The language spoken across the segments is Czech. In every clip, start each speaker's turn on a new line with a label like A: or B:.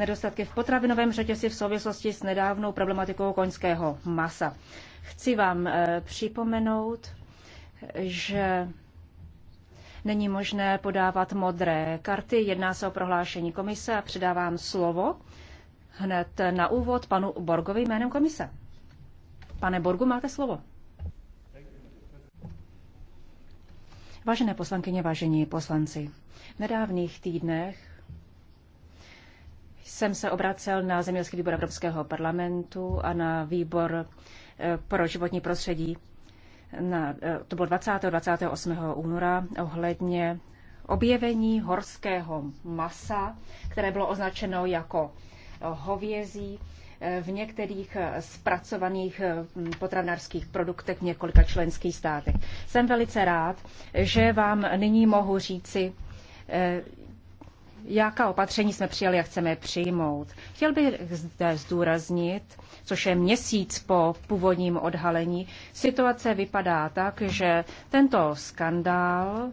A: nedostatky v potravinovém řetězci v souvislosti s nedávnou problematikou koňského masa. Chci vám eh, připomenout, že není možné podávat modré karty. Jedná se o prohlášení komise a předávám slovo hned na úvod panu Borgovi jménem komise. Pane Borgu, máte slovo. Vážené poslankyně, vážení poslanci, v nedávných týdnech jsem se obracel na Zemědělský výbor Evropského parlamentu a na výbor eh, pro životní prostředí. Na, eh, to bylo 20. 28. února ohledně objevení horského masa, které bylo označeno jako eh, hovězí v některých zpracovaných potravinářských produktech v několika členských státech. Jsem velice rád, že vám nyní mohu říci, jaká opatření jsme přijali a chceme přijmout. Chtěl bych zde zdůraznit, což je měsíc po původním odhalení, situace vypadá tak, že tento skandál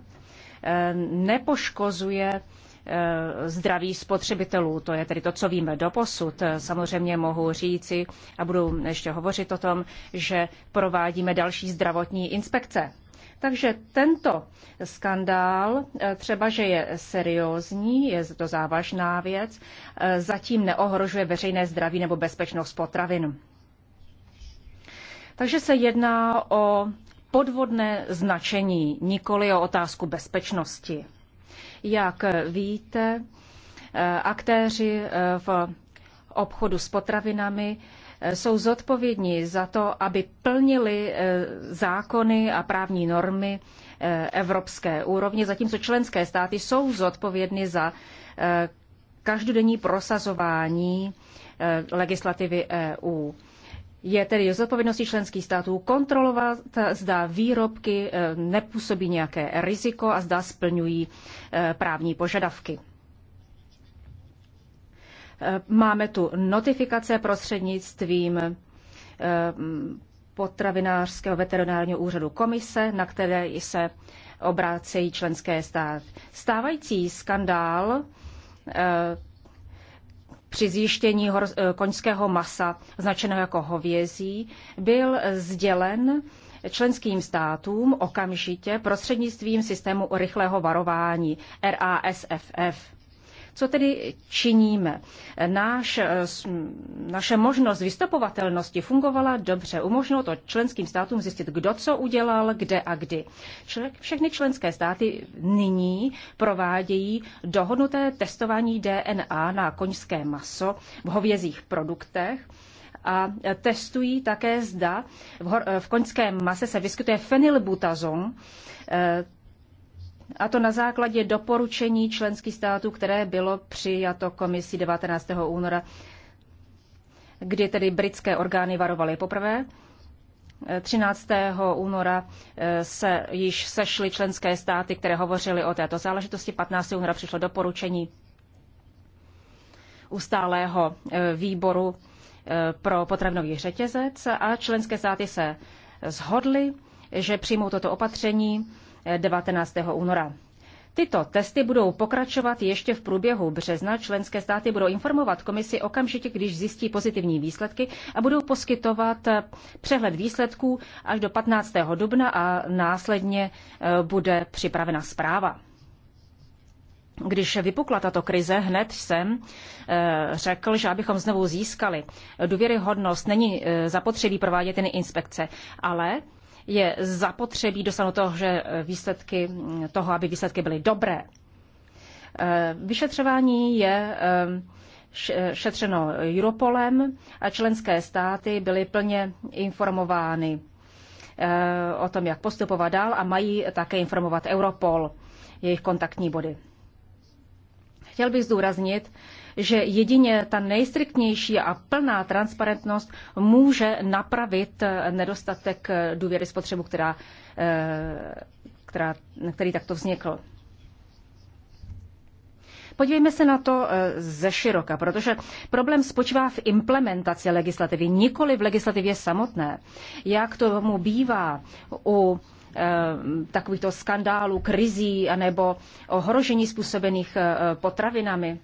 A: eh, nepoškozuje eh, zdraví spotřebitelů. To je tedy to, co víme do posud. Samozřejmě mohu říci a budu ještě hovořit o tom, že provádíme další zdravotní inspekce takže tento skandál, eh, třeba že je seriózní, je to závažná věc, eh, zatím neohrožuje veřejné zdraví nebo bezpečnost potravin. Takže se jedná o podvodné značení, nikoli o otázku bezpečnosti. Jak víte, eh, aktéři v obchodu s potravinami Eh, jsou zodpovědní za to, aby plnili eh, zákony a právní normy eh, evropské úrovně, zatímco členské státy jsou zodpovědny za každodenní prosazování legislativy EU. Je tedy zodpovědností členských států kontrolovat, zda výrobky nepůsobí nějaké riziko a zda splňují právní požadavky. Eh, máme tu notifikace prostřednictvím eh, potravinářského veterinárního úřadu komise, na které se obrácejí členské státy. Stávající skandál eh, při zjištění koňského masa, značeného jako hovězí, byl sdělen členským státům okamžitě prostřednictvím systému rychlého varování RASFF. Co tedy činíme? Náš, eh, naše možnost vystupovatelnosti fungovala dobře. Umožnilo to členským státům zjistit, kdo co udělal, kde a kdy. Všechny členské státy nyní provádějí dohodnuté testování DNA na koňské maso v hovězích produktech a testují také, zda v, hor- v koňském mase se vyskytuje fenylbutazon, eh, a to na základě doporučení členských států, které bylo přijato komisí 19. února, kdy tedy britské orgány varovaly poprvé. 13. února eh, se již sešly členské státy, které hovořily o této záležitosti. 15. února přišlo doporučení ustálého eh, výboru eh, pro potravinový řetězec a členské státy se zhodly, že přijmou toto opatření 19. února. Tyto testy budou pokračovat ještě v průběhu března. Členské státy budou informovat komisi okamžitě, když zjistí pozitivní výsledky a budou poskytovat eh, přehled výsledků až do 15. dubna a následně eh, bude připravena zpráva. Když vypukla tato krize, hned jsem eh, řekl, že abychom znovu získali důvěryhodnost, není zapotřebí provádět jen inspekce, ale je zapotřebí dosáhnout toho, že eh, výsledky, mm, toho, aby výsledky byly dobré. Eh, vyšetřování je ehm, eh, šetřeno Europolem a členské státy byly plně informovány o tom, jak postupovat dál a mají také informovat Europol, jejich kontaktní body. Chtěl bych zdůraznit, že jedině ta nejstriktnější a plná transparentnost může napravit eh, nedostatek eh, důvěry spotřebu, která, eh, která, který takto vznikl. Podívejme se na to ze široka, protože problém spočívá v implementaci legislativy, nikoli v legislativě samotné. Jak to mu bývá u takovýchto skandálů, krizí anebo ohrožení způsobených potravinami.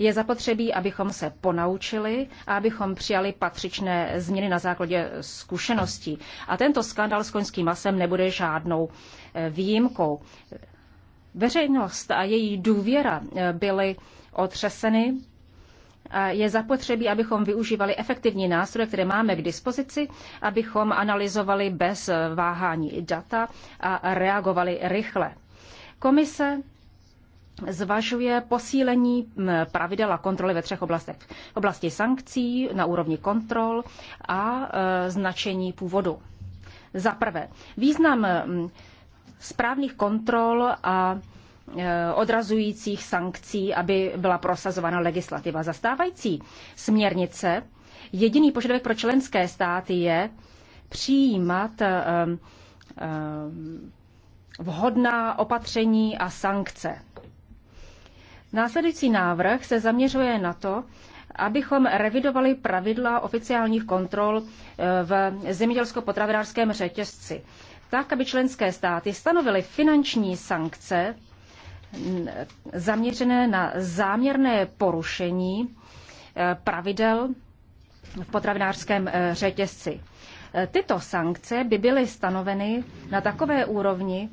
A: Je zapotřebí, abychom se ponaučili a abychom přijali patřičné změny na základě zkušeností. A tento skandal s koňským masem nebude žádnou eh, výjimkou. Veřejnost a její důvěra eh, byly otřeseny je zapotřebí, abychom využívali efektivní nástroje, které máme k dispozici, abychom analyzovali bez eh, váhání data a reagovali rychle. Komise zvažuje posílení pravidel a kontroly ve třech oblastech. Oblasti sankcí, na úrovni kontrol a e, značení původu. Za prvé, význam správných kontrol a e, odrazujících sankcí, aby byla prosazována legislativa. Zastávající směrnice jediný požadavek pro členské státy je přijímat e, vhodná opatření a sankce. Následující návrh se zaměřuje na to, abychom revidovali pravidla oficiálních kontrol e, v zemědělsko-potravinářském řetězci, tak, aby členské státy stanovily finanční sankce zaměřené na záměrné porušení e, pravidel v potravinářském e, řetězci. Eh, tyto sankce by byly stanoveny na takové úrovni,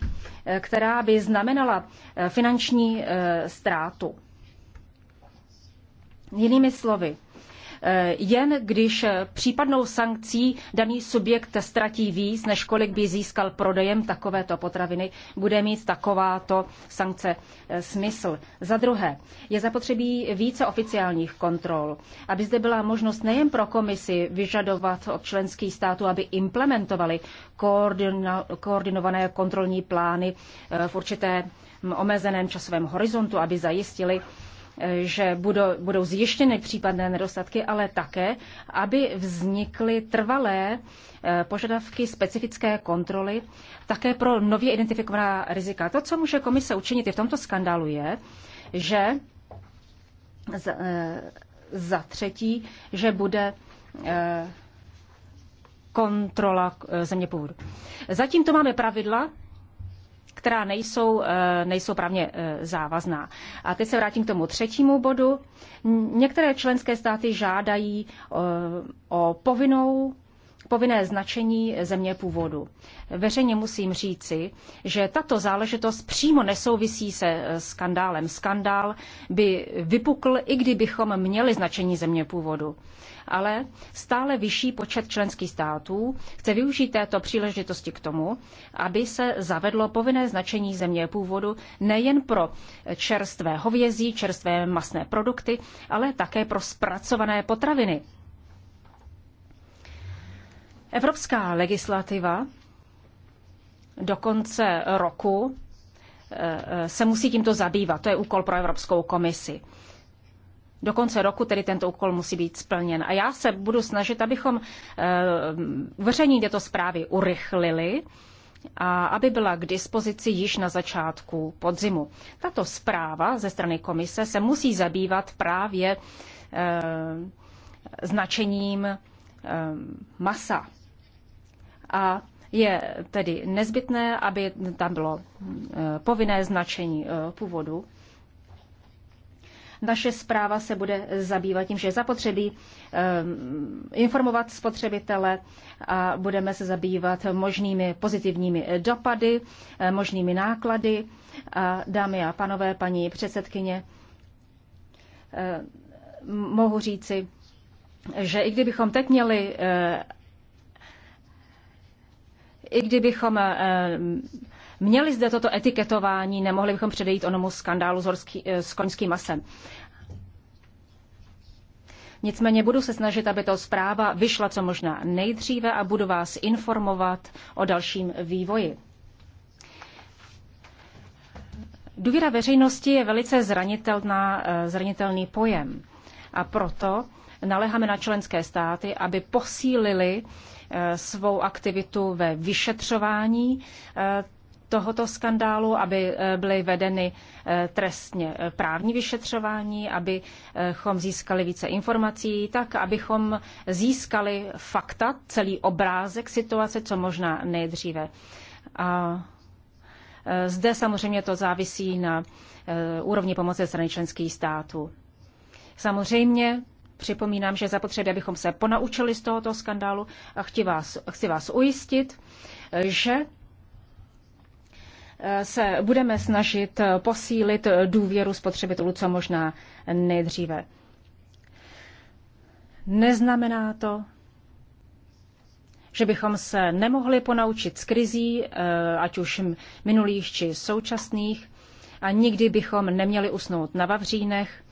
A: eh, která by znamenala eh, finanční ztrátu. Jinými slovy, Eh, jen když eh, případnou sankcí daný subjekt ztratí víc, než kolik by získal prodejem takovéto potraviny, bude mít takováto sankce eh, smysl. Za druhé, je zapotřebí více oficiálních kontrol, aby zde byla možnost nejen pro komisi vyžadovat od členských států, aby implementovali koordinované kontrolní plány v určité omezeném časovém horizontu, aby zajistili že budou, budou zjištěny případné nedostatky, ale také, aby vznikly trvalé eh, požadavky specifické kontroly také pro nově identifikovaná rizika. To, co může komise učinit i v tomto skandálu, je, že za, eh, za třetí, že bude eh, kontrola země původu. Zatím to máme pravidla, která nejsou, eh, nejsou právně eh, závazná. A teď se vrátím k tomu třetímu bodu. Některé členské státy žádají eh, o povinnou povinné značení země původu. Veřejně musím říci, že tato záležitost přímo nesouvisí se skandálem. Skandál by vypukl, i kdybychom měli značení země původu ale stále vyšší počet členských států chce využít této příležitosti k tomu, aby se zavedlo povinné značení země původu nejen pro čerstvé hovězí, čerstvé masné produkty, ale také pro zpracované potraviny. Evropská legislativa do konce roku eh, eh, se musí tímto zabývat. To je úkol pro Evropskou komisi do konce roku tedy tento úkol musí být splněn. A já se budu snažit, abychom eh, uveřejnění této zprávy urychlili a aby byla k dispozici již na začátku podzimu. Tato zpráva ze strany komise se musí zabývat právě eh, značením eh, masa. A je tedy nezbytné, aby tam bylo eh, povinné značení původu naše zpráva se bude zabývat tím, že je zapotřebí ehm, informovat spotřebitele a budeme se zabývat možnými pozitivními dopady, eh, možnými náklady. A dámy a panové, paní předsedkyně, ehm, mohu říci, že i kdybychom teď měli eh, i kdybychom ehm, měli zde toto etiketování, nemohli bychom předejít onomu skandálu s, horský, eh, s koňským masem. Nicméně budu se snažit, aby to zpráva vyšla co možná nejdříve a budu vás informovat o dalším vývoji. Důvěra veřejnosti je velice zranitelná, eh, zranitelný pojem a proto naléháme na členské státy, aby posílili eh, svou aktivitu ve vyšetřování tohoto skandálu, aby eh, byly vedeny eh, trestně eh, právní vyšetřování, abychom získali více informací, tak abychom získali fakta, celý obrázek situace, co možná nejdříve. A zde samozřejmě to závisí na úrovni pomoci strany členských států. Samozřejmě připomínám, že zapotřebí, abychom se ponaučili z tohoto skandálu a chci vás, chci vás ujistit, že se budeme snažit posílit důvěru spotřebitelů co možná nejdříve. Neznamená to, že bychom se nemohli ponaučit z krizí, eh, ať už minulých či současných, a nikdy bychom neměli usnout na vavřínech.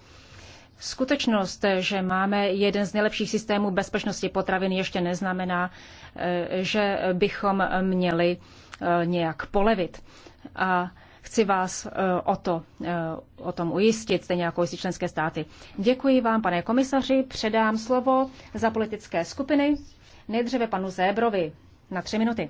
A: Skutečnost, že máme jeden z nejlepších systémů bezpečnosti potravin, ještě neznamená, eh, že bychom měli eh, nějak polevit a chci vás eh, o, to, eh, o tom ujistit, stejně jako jistí členské státy. Děkuji vám, pane komisaři, předám slovo za politické skupiny, nejdříve panu Zébrovi na tři minuty.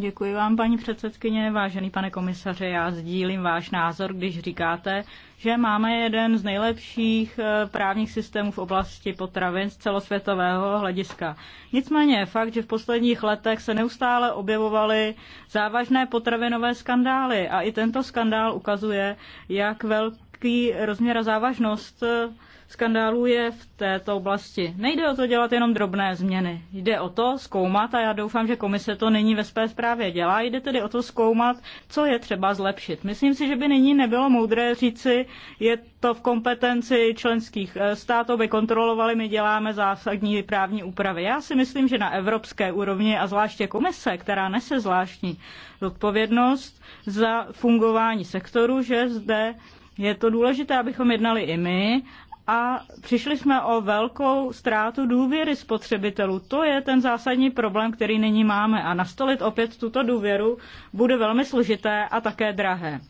B: Děkuji vám, paní předsedkyně. Vážený pane komisaře, já sdílím váš názor, když říkáte, že máme jeden z nejlepších eh, právních systémů v oblasti potravin z celosvětového hlediska. Nicméně je fakt, že v posledních letech se neustále objevovaly závažné potravinové skandály a i tento skandál ukazuje, jak velký politický rozměr a závažnost eh, skandálů je v této oblasti. Nejde o to dělat jenom drobné změny. Jde o to zkoumat, a já doufám, že komise to není ve své zprávě dělá, jde tedy o to zkoumat, co je třeba zlepšit. Myslím si, že by nyní nebylo moudré říci, je to v kompetenci členských eh, států, by kontrolovali, my děláme zásadní právní úpravy. Já si myslím, že na evropské úrovni a zvláště komise, která nese zvláštní odpovědnost za fungování sektoru, že zde je to důležité, abychom jednali i my a přišli jsme o velkou ztrátu důvěry spotřebitelů. To je ten zásadní problém, který nyní máme a nastolit opět tuto důvěru bude velmi složité a také drahé.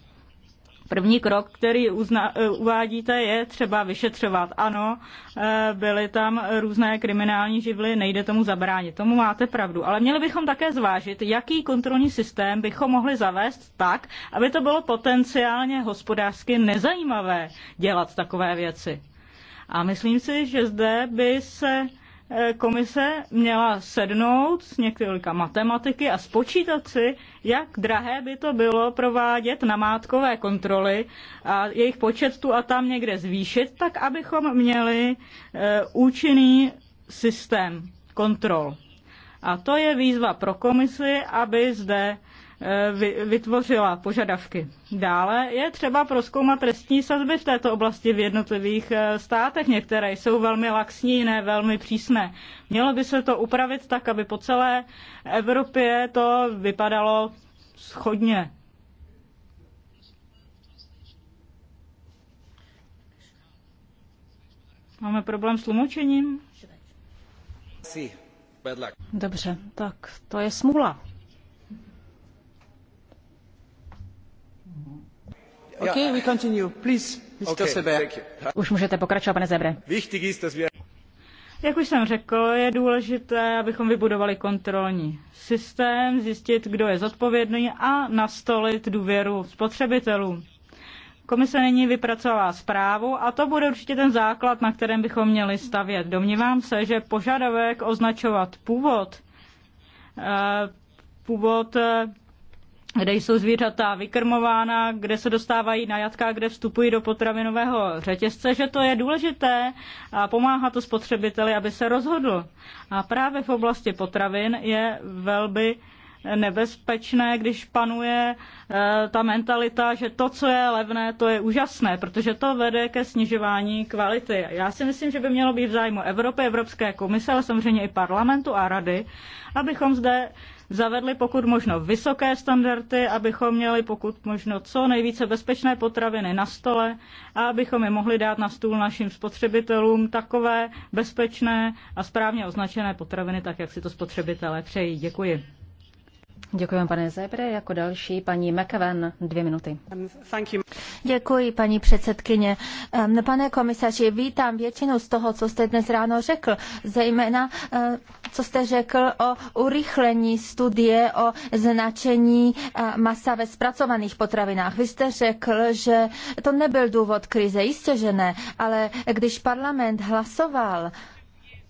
B: První krok, který uzna, eh, uvádíte, je třeba vyšetřovat. Ano, eh, byly tam různé kriminální živly, nejde tomu zabránit. Tomu máte pravdu. Ale měli bychom také zvážit, jaký kontrolní systém bychom mohli zavést tak, aby to bylo potenciálně hospodářsky nezajímavé dělat takové věci. A myslím si, že zde by se Eh, komise měla sednout s několika matematiky a spočítat si, jak drahé by to bylo provádět namátkové kontroly a jejich počet tu a tam někde zvýšit, tak abychom měli eh, účinný systém kontrol. A to je výzva pro komisi, aby zde Eh, vytvořila požadavky. Dále je třeba proskoumat trestní sazby v této oblasti v jednotlivých eh, státech. Některé jsou velmi laxní, jiné velmi přísné. Mělo by se to upravit tak, aby po celé Evropě to vypadalo schodně. Máme problém s tlumočením? Dobře,
A: tak to je smůla. Už můžete pokračovat, pane
B: Jak už jsem řekl, je důležité, abychom vybudovali kontrolní systém, zjistit, kdo je zodpovědný a nastolit důvěru spotřebitelů. Komise nyní vypracovává zprávu a to bude určitě ten základ, na kterém bychom měli stavět. Domnívám se, že požadavek označovat původ, eh, původ eh, kde jsou zvířata vykrmována, kde se dostávají na jatka, kde vstupují do potravinového řetězce, že to je důležité a pomáhá to spotřebiteli, aby se rozhodl. A právě v oblasti potravin je velmi nebezpečné, když panuje e, ta mentalita, že to, co je levné, to je úžasné, protože to vede ke snižování kvality. Já si myslím, že by mělo být v zájmu Evropy, Evropské komise, ale samozřejmě i parlamentu a rady, abychom zde zavedli pokud možno vysoké standardy, abychom měli pokud možno co nejvíce bezpečné potraviny na stole a abychom je mohli dát na stůl našim spotřebitelům takové bezpečné a správně označené potraviny, tak jak si to spotřebitelé
A: přejí. Děkuji. Děkujeme, pane Zebre. Jako další paní McEwen, dvě minuty.
C: Um, Děkuji, paní předsedkyně. Um, pane komisaři, vítám většinu z toho, co jste dnes ráno řekl, zejména uh, co jste řekl o urychlení studie o značení uh, masa ve zpracovaných potravinách. Vy jste řekl, že to nebyl důvod krize, jistě, že ne, ale když parlament hlasoval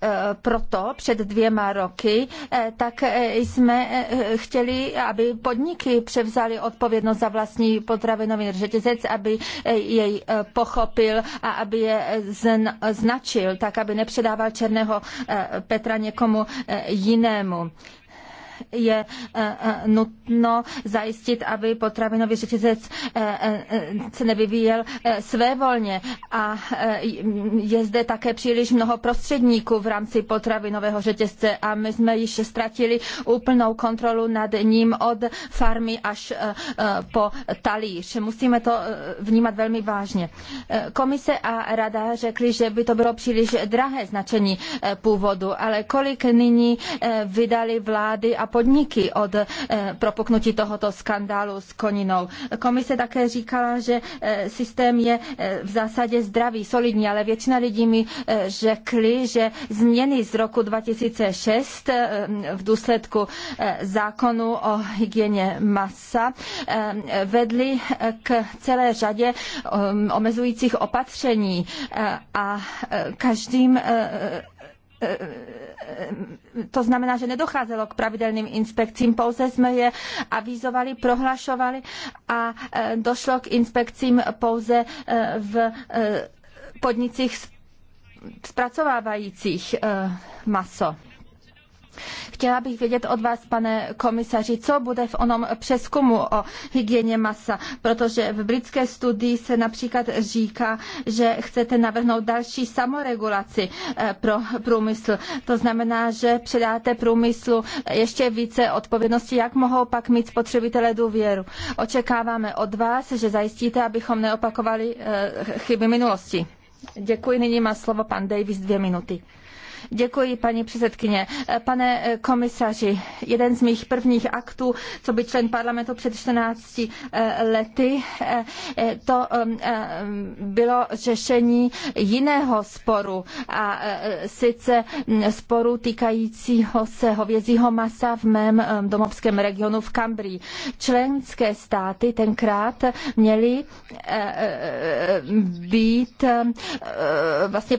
C: Eh, proto před dvěma roky, eh, tak eh, jsme chtěli, aby podniky převzaly odpovědnost za vlastní potravinový řetězec, aby jej pochopil a aby je značil, tak aby nepředával černého Petra někomu jinému je eh, eh, nutno zajistit, aby potravinový řetězec eh, se nevyvíjel svévolně a je zde také příliš mnoho prostředníků v rámci potravinového řetězce a my jsme již ztratili úplnou kontrolu nad ním od farmy až po talíř. Musíme to vnímat velmi vážně. Komise a rada řekly, že by to bylo příliš drahé značení původu, ale kolik nyní vydali vlády a podniky od eh, propuknutí tohoto skandálu s koninou. Komise také říkala, že eh, systém je eh, v zásadě zdravý, solidní, ale většina lidí mi řekli, že změny z roku 2006 v důsledku zákonu o hygieně masa vedly k celé řadě omezujících opatření a každým to znamená, že nedocházelo k pravidelným inspekcím, pouze jsme je avizovali, prohlašovali a e, došlo k inspekcím pouze e, v e, podnicích zpracovávajících maso. Chtěla bych vědět od vás, pane komisaři, co bude v onom přeskumu o hygieně masa, protože v britské studii se například říká, že chcete navrhnout další samoregulaci eh, pro průmysl. To znamená, že předáte průmyslu ještě více odpovědnosti, jak mohou pak mít spotřebitelé důvěru. Očekáváme od vás, že zajistíte, abychom neopakovali eh, chyby minulosti. Děkuji, nyní má slovo pan Davis dvě minuty. Děkuji, paní předsedkyně. Pane komisaři, jeden z mých prvních aktů, co by člen parlamentu před 14 eh, lety, eh, to eh, bylo řešení jiného sporu, a sice hm, sporu týkajícího se hovězího masa v mém hm, domovském regionu v Kambrii. Členské státy tenkrát měly být hm, vlastně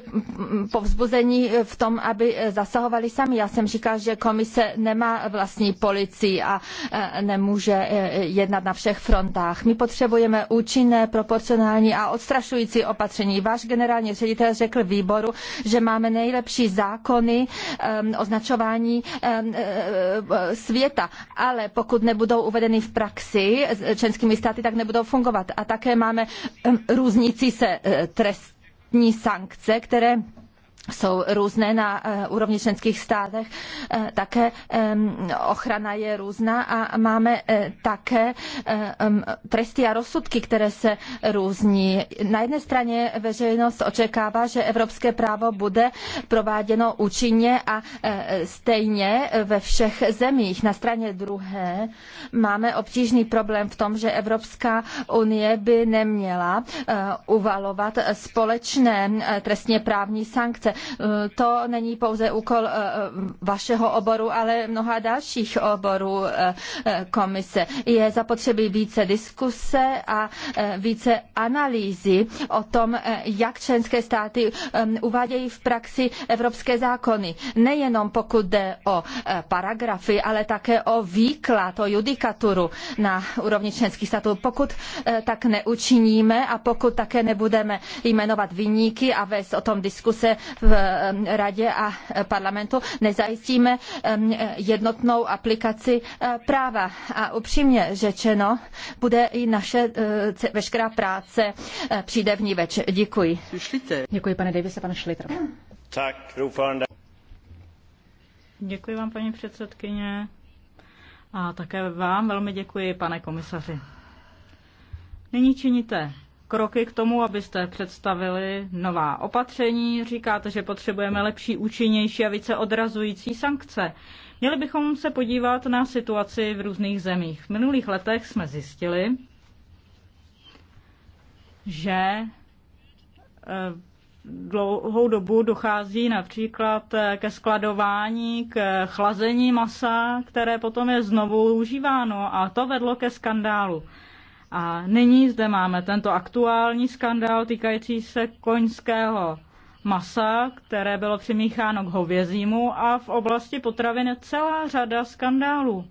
C: povzbuzení v tom, tom, aby eh, zasahovali sami. Já jsem říkal, že komise nemá vlastní policii a eh, nemůže eh, jednat na všech frontách. My potřebujeme účinné, proporcionální a odstrašující opatření. Váš generální ředitel řekl výboru, že máme nejlepší zákony ehm, označování ehm, světa, ale pokud nebudou uvedeny v praxi členskými státy, tak nebudou fungovat. A také máme ehm, různící se trestní sankce, které jsou různé na eh, úrovni členských státech, eh, také ochrana je různá a máme eh, také tresty a rozsudky, které se různí. Na jedné straně veřejnost očekává, že evropské právo bude prováděno účinně a stejně ve všech zemích. Na straně druhé máme obtížný problém v tom, že Evropská unie by neměla uvalovat společné trestně právní sankce práce. To není pouze úkol eh, eh, vašeho oboru, ale mnoha dalších oborů eh, komise. Je zapotřebí více diskuse a více analýzy o tom, jak členské státy uvádějí v praxi evropské zákony. Nejenom pokud jde o paragrafy, ale také o výklad, o judikaturu na úrovni členských států. Pokud tak neučiníme a pokud také nebudeme jmenovat vyníky a vést o tom diskuse, v radě a parlamentu nezajistíme jednotnou aplikaci e, práva. A upřímně řečeno, bude i naše e, veškerá práce e, přijde v ní več. Děkuji. Děkuji, pane Davise, pane Šlitr. Tak, Děkuji vám, paní
B: předsedkyně. A také vám velmi děkuji, pane komisaři. Nyní činíte kroky k tomu, abyste představili nová opatření. Říkáte, že potřebujeme lepší, účinnější a více odrazující sankce. Měli bychom se podívat na situaci v různých zemích. V minulých letech jsme zjistili, že eh, dlouhou dobu dochází například eh, ke skladování, k chlazení masa, které potom je znovu užíváno a to vedlo ke skandálu. A nyní zde máme tento aktuální skandál týkající se koňského masa, které bylo přimícháno k hovězímu a v oblasti potravin je celá řada skandálů.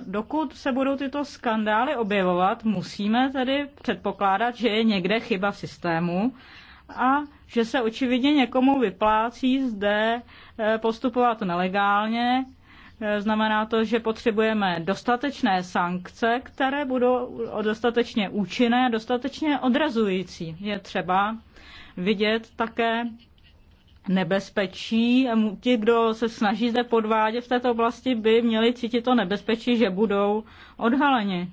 B: Dokud se budou tyto skandály objevovat, musíme tedy předpokládat, že je někde chyba v systému a že se očividně někomu vyplácí zde eh, postupovat nelegálně Znamená to, že potřebujeme dostatečné sankce, které budou dostatečně účinné, dostatečně odrazující. Je třeba vidět také nebezpečí. Ti, kdo se snaží zde podvádět v této oblasti, by měli cítit to nebezpečí, že budou odhaleni.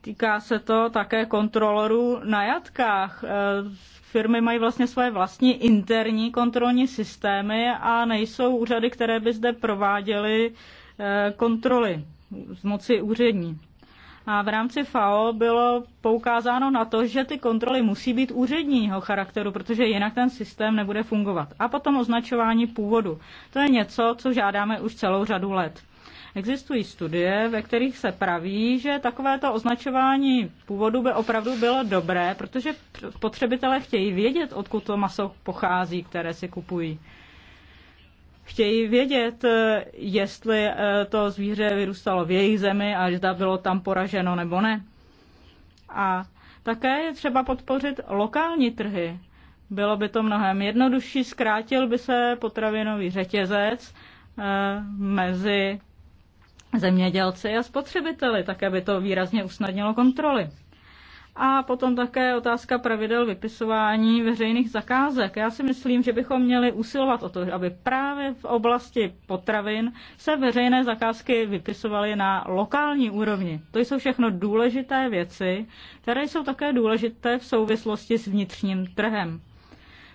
B: Týká se to také kontrolorů na jatkách firmy mají vlastně své vlastní interní kontrolní systémy a nejsou úřady, které by zde prováděly eh, kontroly z moci úřední. A v rámci FAO bylo poukázáno na to, že ty kontroly musí být úředního charakteru, protože jinak ten systém nebude fungovat. A potom označování původu. To je něco, co žádáme už celou řadu let. Existují studie, ve kterých se praví, že takovéto označování původu by opravdu bylo dobré, protože spotřebitelé chtějí vědět, odkud to maso pochází, které si kupují. Chtějí vědět, jestli eh, to zvíře vyrůstalo v jejich zemi a zda bylo tam poraženo nebo ne. A také je třeba podpořit lokální trhy. Bylo by to mnohem jednodušší, zkrátil by se potravinový řetězec eh, mezi zemědělci a spotřebiteli, tak aby to výrazně usnadnilo kontroly. A potom také otázka pravidel vypisování veřejných zakázek. Já si myslím, že bychom měli usilovat o to, aby právě v oblasti potravin se veřejné zakázky vypisovaly na lokální úrovni. To jsou všechno důležité věci, které jsou také důležité v souvislosti s vnitřním trhem.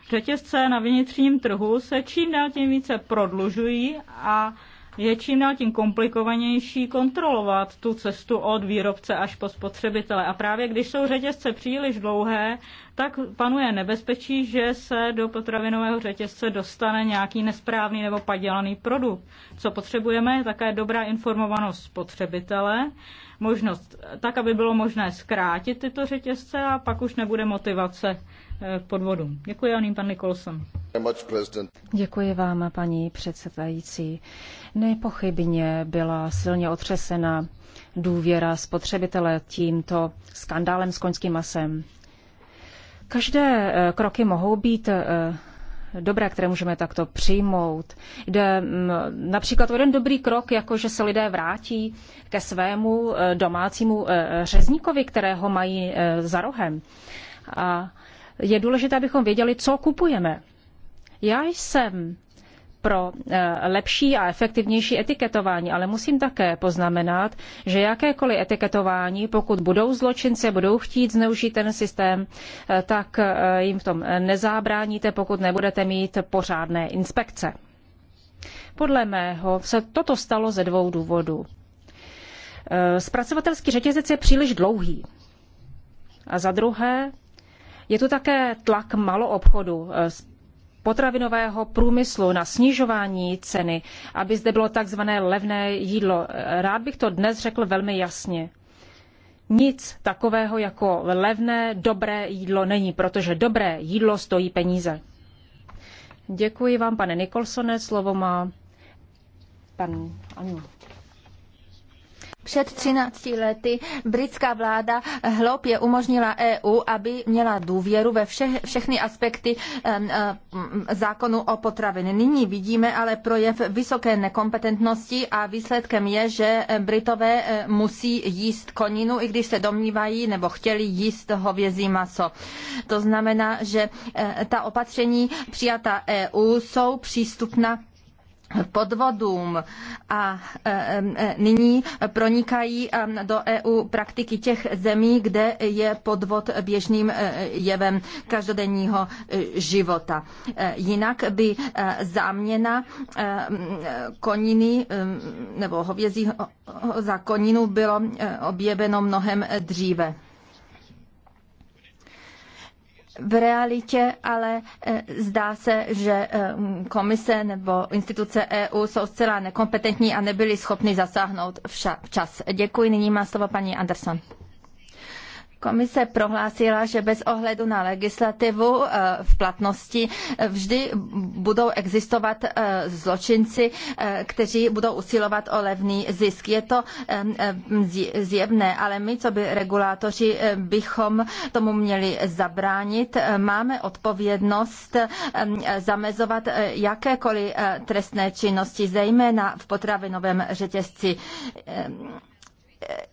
B: Řetězce na vnitřním trhu se čím dál tím více prodlužují a je čím dál tím komplikovanější kontrolovat tu cestu od výrobce až po spotřebitele. A právě když jsou řetězce příliš dlouhé, tak panuje nebezpečí, že se do potravinového řetězce dostane nějaký nesprávný nebo padělaný produkt. Co potřebujeme, je také dobrá informovanost spotřebitele, možnost, tak, aby bylo možné zkrátit tyto řetězce a pak už nebude motivace Eh, podvodům. Děkuji a pan Nikolson.
A: Děkuji vám, paní předsedající. Nepochybně byla silně otřesena důvěra spotřebitele tímto skandálem s koňským masem. Každé eh, kroky mohou být eh, dobré, které můžeme takto přijmout. Jde mm, například o jeden dobrý krok, jako že se lidé vrátí ke svému domácímu řezníkovi, kterého mají za rohem. A je důležité, abychom věděli, co kupujeme. Já jsem pro eh, lepší a efektivnější etiketování, ale musím také poznamenat, že jakékoliv etiketování, pokud budou zločinci, budou chtít zneužít ten systém, eh, tak eh, jim v tom nezabráníte, pokud nebudete mít pořádné inspekce. Podle mého se toto stalo ze dvou důvodů. Zpracovatelský řetězec je příliš dlouhý. A za druhé, je tu také tlak maloobchodu eh, potravinového průmyslu na snižování ceny, aby zde bylo takzvané levné jídlo. Eh, rád bych to dnes řekl velmi jasně. Nic takového jako levné, dobré jídlo není, protože dobré jídlo stojí peníze. Děkuji vám, pane Nikolsone. Slovo má pan Anu.
C: Před 13 lety britská vláda hloupě umožnila EU, aby měla důvěru ve vše, všechny aspekty zákonu o potraviny. Nyní vidíme ale projev vysoké nekompetentnosti a výsledkem je, že Britové eh, musí jíst koninu, i když se domnívají nebo chtěli jíst hovězí maso. To znamená, že eh, ta opatření přijatá EU jsou přístupná podvodům a e, e, nyní pronikají e, do EU praktiky těch zemí, kde je podvod běžným jevem každodenního života. Jinak by záměna koniny nebo hovězího za koninu bylo objeveno mnohem dříve. V realitě ale eh, zdá se, že eh, komise nebo instituce EU jsou zcela nekompetentní a nebyly schopny zasáhnout včas. Děkuji. Nyní má slovo paní Anderson. Komise prohlásila, že bez ohledu na legislativu eh, v platnosti eh, vždy budou existovat eh, zločinci, kteří budou usilovat o levný zisk. Je to zjevné, ale my, co by regulátoři, bychom tomu měli zabránit. Máme odpovědnost zamezovat jakékoliv trestné činnosti, zejména v potravinovém řetězci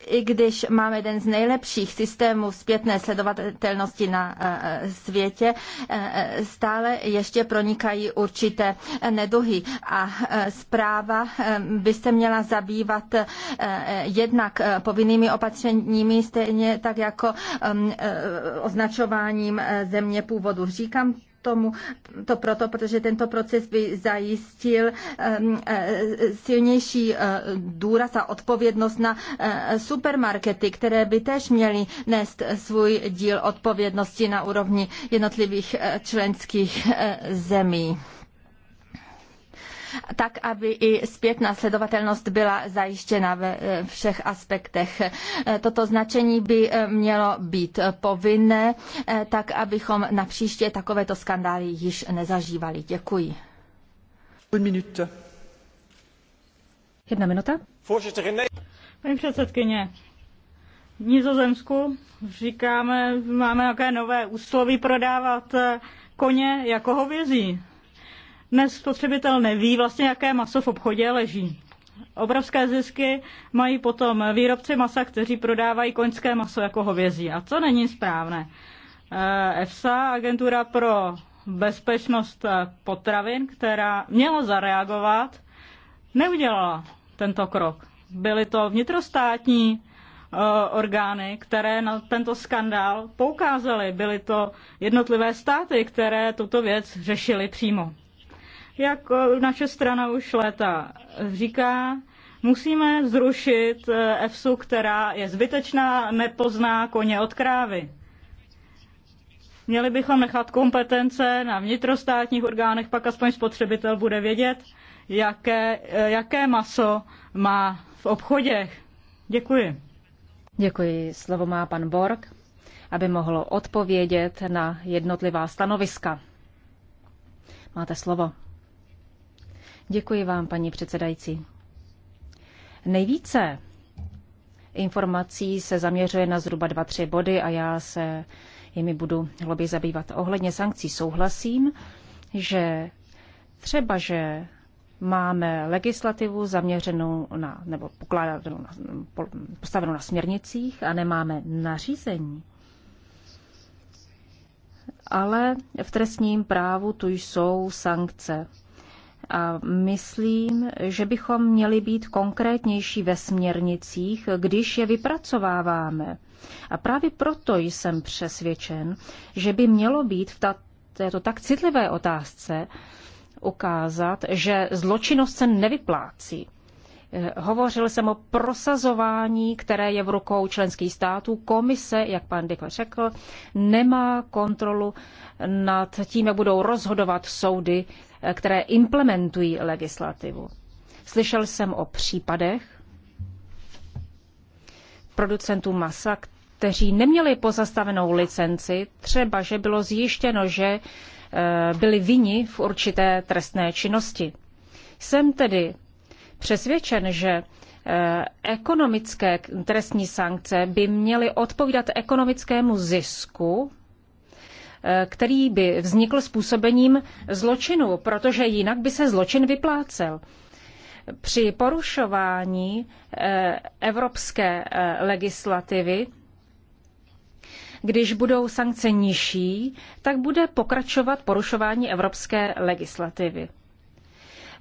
C: i když máme jeden z nejlepších systémů zpětné sledovatelnosti na eh, eh, světě, eh, stále ještě pronikají určité neduhy. A zpráva by se měla zabývat jednak povinnými opatřeními, stejně tak jako označováním země původu. Říkám tomu, to proto, protože tento proces by zajistil eh, silnější eh, důraz a odpovědnost na eh, supermarkety, které by tež měly nést svůj díl odpovědnosti na úrovni jednotlivých členských zemí tak aby i zpětná sledovatelnost byla zajištěna ve e, všech aspektech. E, toto značení by e, mělo být povinné, tak abychom na příště takovéto skandály již nezažívali. Děkuji. Jedna
B: minuta. Paní předsedkyně, v Nizozemsku říkáme, máme nějaké nové úsloví prodávat koně jako hovězí. Dnes spotřebitel neví vlastně, jaké maso v obchodě leží. Obrovské zisky mají potom výrobci masa, kteří prodávají koňské maso jako hovězí. A co není správné? Eh, EFSA, agentura pro bezpečnost eh, potravin, která měla zareagovat, neudělala tento krok. Byly to vnitrostátní eh, orgány, které na tento skandál poukázaly. Byly to jednotlivé státy, které tuto věc řešily přímo. Jak eh, naše strana už léta říká, musíme zrušit eh, EFSU, která je zbytečná, nepozná koně od krávy. Měli bychom nechat kompetence na vnitrostátních orgánech, pak aspoň spotřebitel bude vědět, jaké, eh, jaké maso má v obchodech. Děkuji.
A: Děkuji. Slovo má pan Borg, aby mohlo odpovědět na jednotlivá stanoviska. Máte slovo. Děkuji vám, paní předsedající. Nejvíce informací se zaměřuje na zhruba dva tři body a já se jimi budu hlobě zabývat. Ohledně sankcí souhlasím, že třeba, že máme legislativu zaměřenou na, nebo pokládanou na, postavenou na směrnicích a nemáme nařízení. Ale v trestním právu tu jsou sankce. A myslím, že bychom měli být konkrétnější ve směrnicích, když je vypracováváme. A právě proto jsem přesvědčen, že by mělo být v ta, této tak citlivé otázce ukázat, že zločinnost se nevyplácí. Eh, hovořil jsem o prosazování, které je v rukou členských států. Komise, jak pan Dekla řekl, nemá kontrolu nad tím, jak budou rozhodovat soudy, eh, které implementují legislativu. Slyšel jsem o případech producentů masa, kteří neměli pozastavenou licenci, třeba že bylo zjištěno, že eh, byli vini v určité trestné činnosti. Jsem tedy přesvědčen, že eh, ekonomické trestní sankce by měly odpovídat ekonomickému zisku, eh, který by vznikl způsobením zločinu, protože jinak by se zločin vyplácel. Při porušování eh, evropské legislativy když budou sankce nižší, tak bude pokračovat porušování evropské legislativy.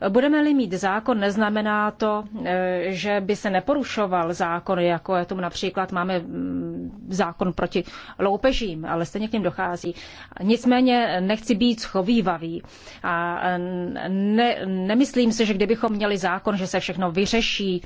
A: Budeme-li mít zákon, neznamená to, eh, že by se neporušoval zákon, jako je tomu například máme mm, zákon proti loupežím, ale stejně k ním dochází. Nicméně nechci být schovývavý a ne, nemyslím si, že kdybychom měli zákon, že se všechno vyřeší,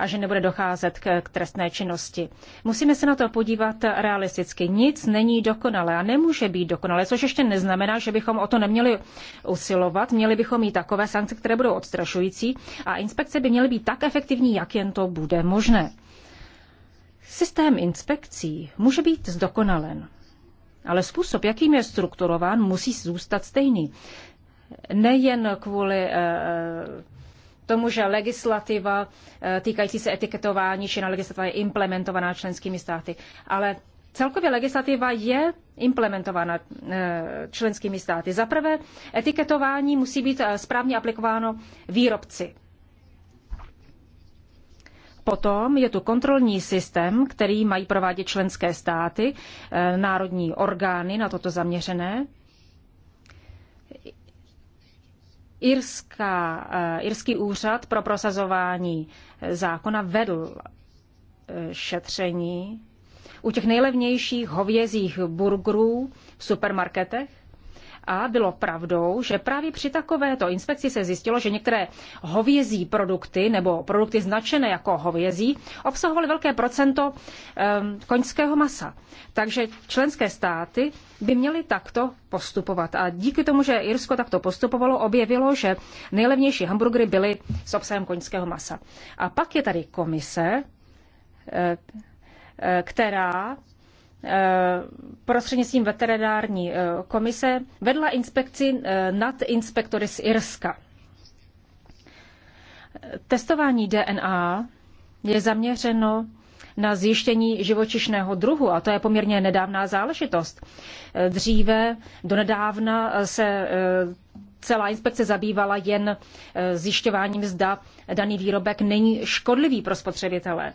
A: a že nebude docházet k, k trestné činnosti. Musíme se na to podívat realisticky. Nic není dokonalé a nemůže být dokonalé, což ještě neznamená, že bychom o to neměli usilovat. Měli bychom mít takové sankce, které budou odstrašující a inspekce by měly být tak efektivní, jak jen to bude možné. Systém inspekcí může být zdokonalen, ale způsob, jakým je strukturován, musí zůstat stejný. Nejen kvůli eh, tomu, že legislativa eh, týkající se etiketování či na legislativa je implementovaná členskými státy. Ale Celkově legislativa je implementována eh, členskými státy. Za prvé, etiketování musí být eh, správně aplikováno výrobci. Potom je tu kontrolní systém, který mají provádět členské státy, národní orgány na toto zaměřené. Irská, eh, Irský úřad pro prosazování zákona vedl eh, šetření u těch nejlevnějších hovězích burgerů v supermarketech a bylo pravdou, že právě při takovéto inspekci se zjistilo, že některé hovězí produkty nebo produkty značené jako hovězí obsahovaly velké procento um, koňského masa. Takže členské státy by měly takto postupovat. A díky tomu, že Irsko takto postupovalo, objevilo, že nejlevnější hamburgery byly s obsahem koňského masa. A pak je tady komise, ehm, ehm, která Eh, prostřednictvím veterinární eh, komise vedla inspekci eh, nad inspektory z Irska. Testování DNA je zaměřeno na zjištění živočišného druhu a to je poměrně nedávná záležitost. Dříve, donedávna se celá inspekce zabývala jen zjišťováním, zda daný výrobek není škodlivý pro spotřebitele.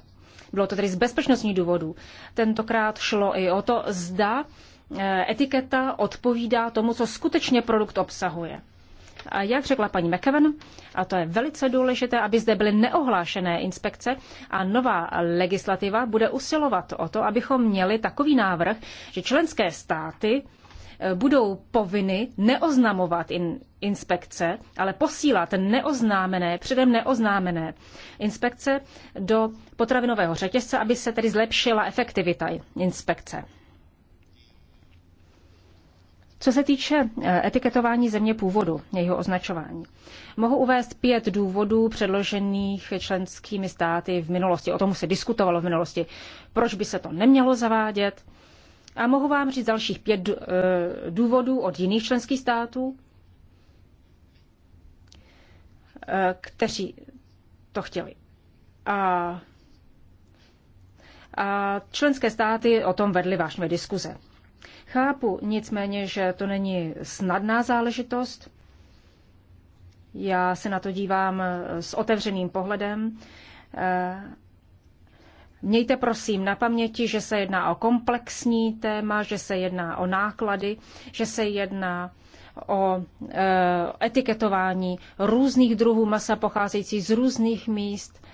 A: Bylo to tedy z bezpečnostních důvodů. Tentokrát šlo i o to, zda eh, etiketa odpovídá tomu, co skutečně produkt obsahuje. A jak řekla paní McEwen, a to je velice důležité, aby zde byly neohlášené inspekce a nová legislativa bude usilovat o to, abychom měli takový návrh, že členské státy budou povinny neoznamovat in, inspekce, ale posílat neoznámené, předem neoznámené inspekce do potravinového řetězce, aby se tedy zlepšila efektivita inspekce. Co se týče eh, etiketování země původu, jeho označování, mohu uvést pět důvodů předložených členskými státy v minulosti. O tom se diskutovalo v minulosti. Proč by se to nemělo zavádět? A mohu vám říct dalších pět eh, důvodů od jiných členských států, eh, kteří to chtěli. A, a členské státy o tom vedly vážné diskuze. Chápu nicméně, že to není snadná záležitost. Já se na to dívám eh, s otevřeným pohledem Mějte prosím na paměti, že se jedná o komplexní téma, že se jedná o náklady, že se jedná o e, etiketování různých druhů masa pocházející z různých míst,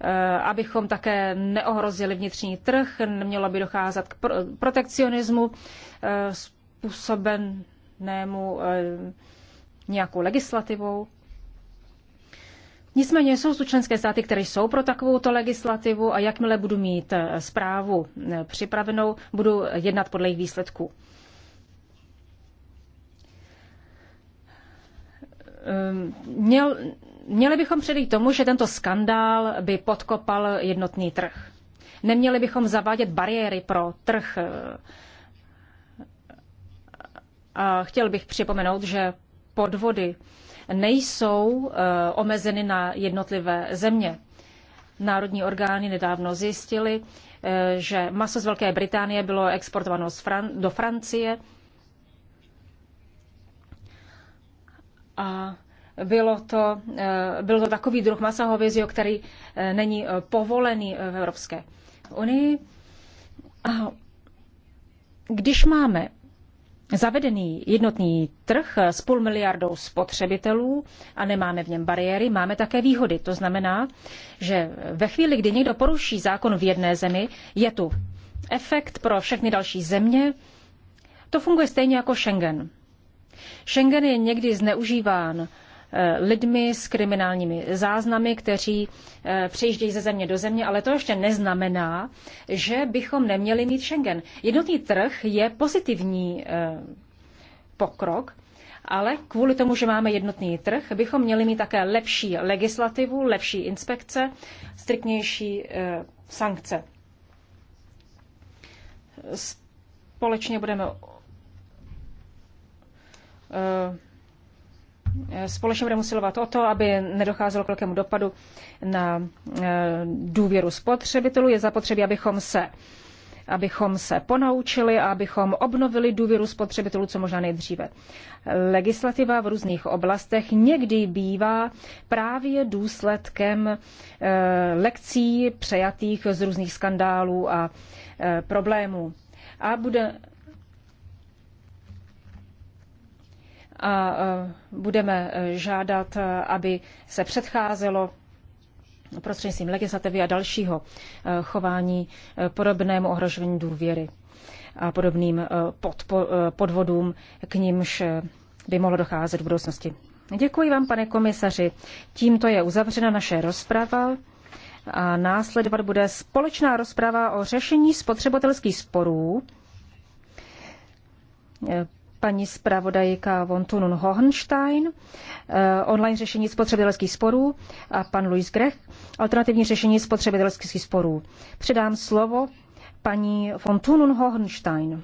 A: e, abychom také neohrozili vnitřní trh, nemělo by docházet k protekcionismu e, způsobenému e, nějakou legislativou. Nicméně jsou tu členské státy, které jsou pro takovouto legislativu a jakmile budu mít eh, zprávu eh, připravenou, budu jednat podle jejich výsledků. Ehm, měl, měli bychom předejít tomu, že tento skandál by podkopal jednotný trh. Neměli bychom zavádět bariéry pro trh. A chtěl bych připomenout, že podvody nejsou eh, omezeny na jednotlivé země. Národní orgány nedávno zjistily, eh, že maso z Velké Británie bylo exportováno do Francie a bylo to, eh, byl to takový druh masa hovězího, který není povolený v Evropské unii. Když máme zavedený jednotný trh s půl miliardou spotřebitelů a nemáme v něm bariéry, máme také výhody. To znamená, že ve chvíli, kdy někdo poruší zákon v jedné zemi, je tu efekt pro všechny další země. To funguje stejně jako Schengen. Schengen je někdy zneužíván Eh, lidmi s kriminálními záznamy, kteří eh, přejíždějí ze země do země, ale to ještě neznamená, že bychom neměli mít Schengen. Jednotný trh je pozitivní eh, pokrok, ale kvůli tomu, že máme jednotný trh, bychom měli mít také lepší legislativu, lepší inspekce, striktnější sankce. Společně budeme Společně budeme usilovat o to, aby nedocházelo k velkému dopadu na eh, důvěru spotřebitelů. Je zapotřebí, abychom se abychom se ponaučili a abychom obnovili důvěru spotřebitelů co možná nejdříve. Legislativa v různých oblastech někdy bývá právě důsledkem eh, lekcí přejatých z různých skandálů a eh, problémů. A bude, a budeme e, žádat, e, aby se předcházelo prostřednictvím legislativy a dalšího e, chování podobnému ohrožení důvěry a podobným podvodům, k nímž by mohlo docházet v budoucnosti. Děkuji vám, pane komisaři. Tímto je uzavřena naše rozprava a následovat bude společná rozprava o řešení spotřebitelských sporů paní zpravodajka von Tunun Hohenstein, eh, online řešení spotřebitelských sporů a pan Luis Grech, alternativní řešení spotřebitelských sporů. Předám slovo paní von Tunun Hohenstein.